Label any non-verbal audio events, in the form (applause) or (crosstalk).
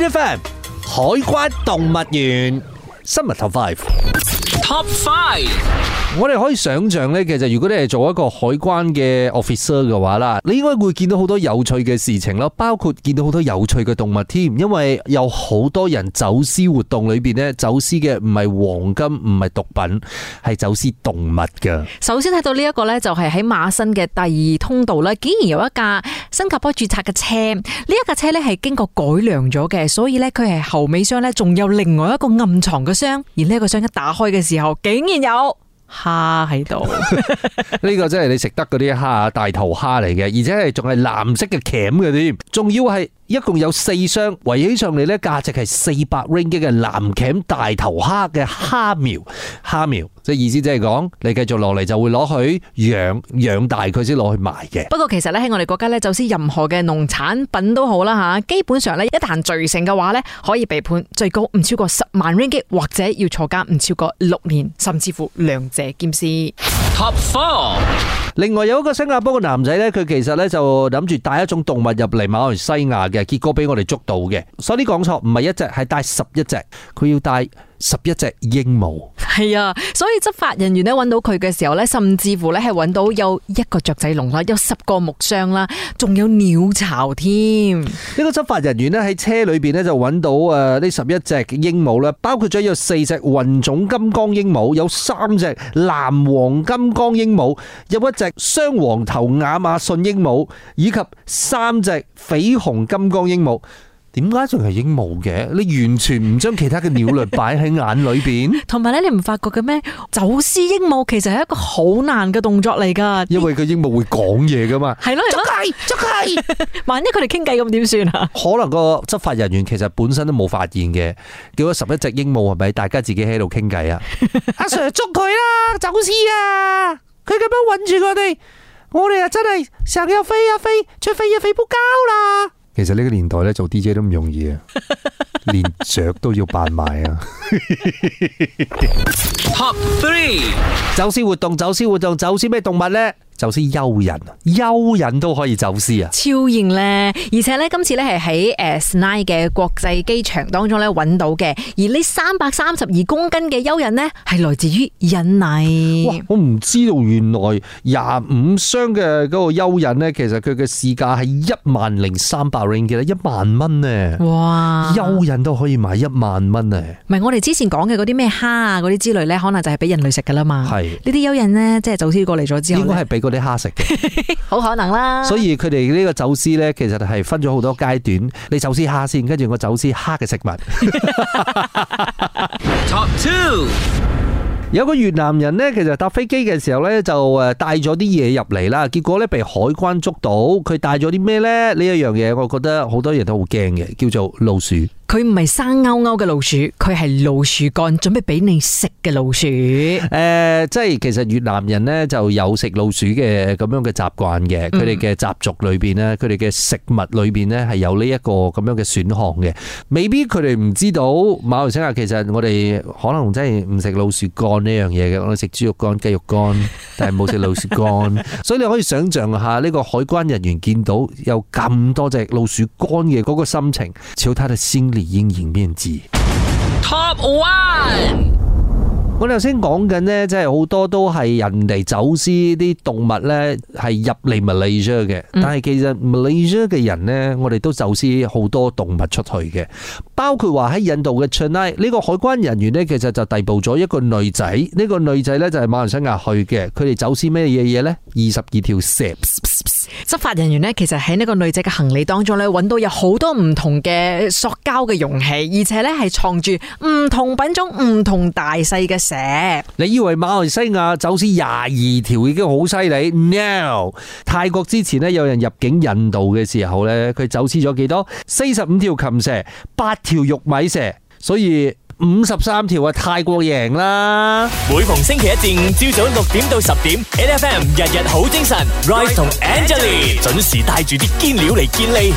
海關動物園新聞 top five，top five，我哋可以想象呢，其實如果你係做一個海關嘅 officer 嘅話啦，你應該會見到好多有趣嘅事情咯，包括見到好多有趣嘅動物添，因為有好多人走私活動裏邊咧，走私嘅唔係黃金，唔係毒品，係走私動物噶。首先睇到呢一個呢，就係喺馬新嘅第二通道咧，竟然有一架。新加坡註冊嘅車，呢一架車呢係經過改良咗嘅，所以呢，佢係後尾箱呢仲有另外一個暗藏嘅箱，而呢個箱一打開嘅時候，竟然有蝦喺度。呢個真係你食得嗰啲蝦大頭蝦嚟嘅，而且係仲係藍色嘅鉗嘅添，仲要係。一共有四箱，圍起上嚟呢，價值係四百 ringgit 嘅藍鉗大頭蝦嘅蝦苗，蝦苗，即係意思即係講，你繼續落嚟就會攞去養養大，佢先攞去賣嘅。不過其實呢，喺我哋國家呢，就算任何嘅農產品都好啦吓，基本上呢，一旦罪成嘅話呢，可以被判最高唔超過十萬 ringgit，或者要坐監唔超過六年，甚至乎兩者兼施。Top four. 另外有一個新加坡嘅男仔呢，佢其實呢就諗住帶一種動物入嚟馬來西亞嘅。結果俾我哋捉到嘅，所以你講錯，唔係一隻，係帶十一隻，佢要帶十一隻鸚鵡。係啊，所以執法人員咧揾到佢嘅時候咧，甚至乎咧係揾到有一個雀仔籠啦，有十個木箱啦，仲有鳥巢添。呢個執法人員咧喺車裏邊咧就揾到誒呢十一隻鸚鵡啦，包括咗有四隻雲種金剛鸚鵡，有三隻藍黃金剛鸚鵡，有一隻雙黃頭亞馬遜鸚鵡，以及三隻緋紅金剛鸚鵡。點解仲係鸚鵡嘅？你完全唔將其他嘅鳥類擺喺眼裏邊。同埋咧，你唔發覺嘅咩？走私鸚鵡其實係一個好難嘅動作嚟噶。因為佢鸚鵡會講嘢噶嘛。係咯，捉佢，捉佢。 (laughs) 萬一佢哋傾偈咁點算啊？ (laughs) 可能個執法人員其實本身都冇發現嘅，叫咗十一隻鸚鵡係咪？大家自己喺度傾偈啊！阿、 (laughs) 啊、Sir 捉佢啦，走私啊！佢咁樣搵住我哋，我哋啊真係成日要飛啊飛，卻飛呀、啊、飛，飛撲膠啦、啊。其實呢個年代咧做 DJ 都唔容易啊， (laughs) 連雀都要扮埋啊。 (laughs) Top three 3, 走私活動，走私活動，走私咩動物咧？走私蚯蚓啊，蚯蚓都可以走私啊，超型咧！而且咧，今次咧係喺誒斯奈嘅國際機場當中咧揾到嘅，而呢三百三十二公斤嘅蚯蚓咧係來自於印尼。哇！我唔知道，原來廿五箱嘅嗰個蚯蚓咧，其實佢嘅市價係一萬零三百 ring 嘅，一萬蚊咧。哇！蚯蚓都可以買一萬蚊啊！唔係，我哋之前講嘅嗰啲咩蝦啊嗰啲之類咧，可能就係俾人類食噶啦嘛。係呢啲蚯蚓咧，即係走私過嚟咗之後，應該係俾啲蝦食，好可能啦。所以佢哋呢個走私呢，其實係分咗好多階段。你走私蝦先，跟住我走私蝦嘅食物。Top two，有個越南人呢，其實搭飛機嘅時候呢，就誒帶咗啲嘢入嚟啦。結果呢，被海關捉到，佢帶咗啲咩呢？呢一樣嘢，我覺得好多人都好驚嘅，叫做老鼠。佢唔係生勾勾嘅老鼠，佢係老鼠乾，準備俾你食嘅老鼠。誒，即係其實越南人咧就有食老鼠嘅咁樣嘅習慣嘅，佢哋嘅習俗裏邊咧，佢哋嘅食物裏邊咧係有呢一個咁樣嘅選項嘅。未必佢哋唔知道，馬來西亞，其實我哋可能真係唔食老鼠乾呢樣嘢嘅，我哋食豬肉乾、雞肉乾，但係冇食老鼠乾。所以你可以想象下呢個海關人員見到有咁多隻老鼠乾嘅嗰個心情，朝他哋先。仍然未知。Top one，我頭先講緊呢，即係好多都係人哋走私啲動物呢，係入嚟 Malaysia 嘅。但係其實 Malaysia 嘅人呢，我哋都走私好多動物出去嘅。包括話喺印度嘅 Chennai 呢個海關人員呢，其實就逮捕咗一個女仔。呢個女仔呢，就係馬來西亞去嘅，佢哋走私咩嘢嘢呢？二十二條執法人員咧，其實喺呢個女仔嘅行李當中咧，揾到有好多唔同嘅塑膠嘅容器，而且咧係藏住唔同品種、唔同大細嘅蛇。你以為馬來西亞走私廿二條已經好犀利？No，泰國之前咧有人入境印度嘅時候咧，佢走私咗幾多？四十五條禽蛇，八條玉米蛇，所以。五十三條啊，泰國贏啦！每逢星期一至五，朝早六點到十點，N F M 日日好精神 Rice 同 Angelie 準時帶住啲堅料嚟健力。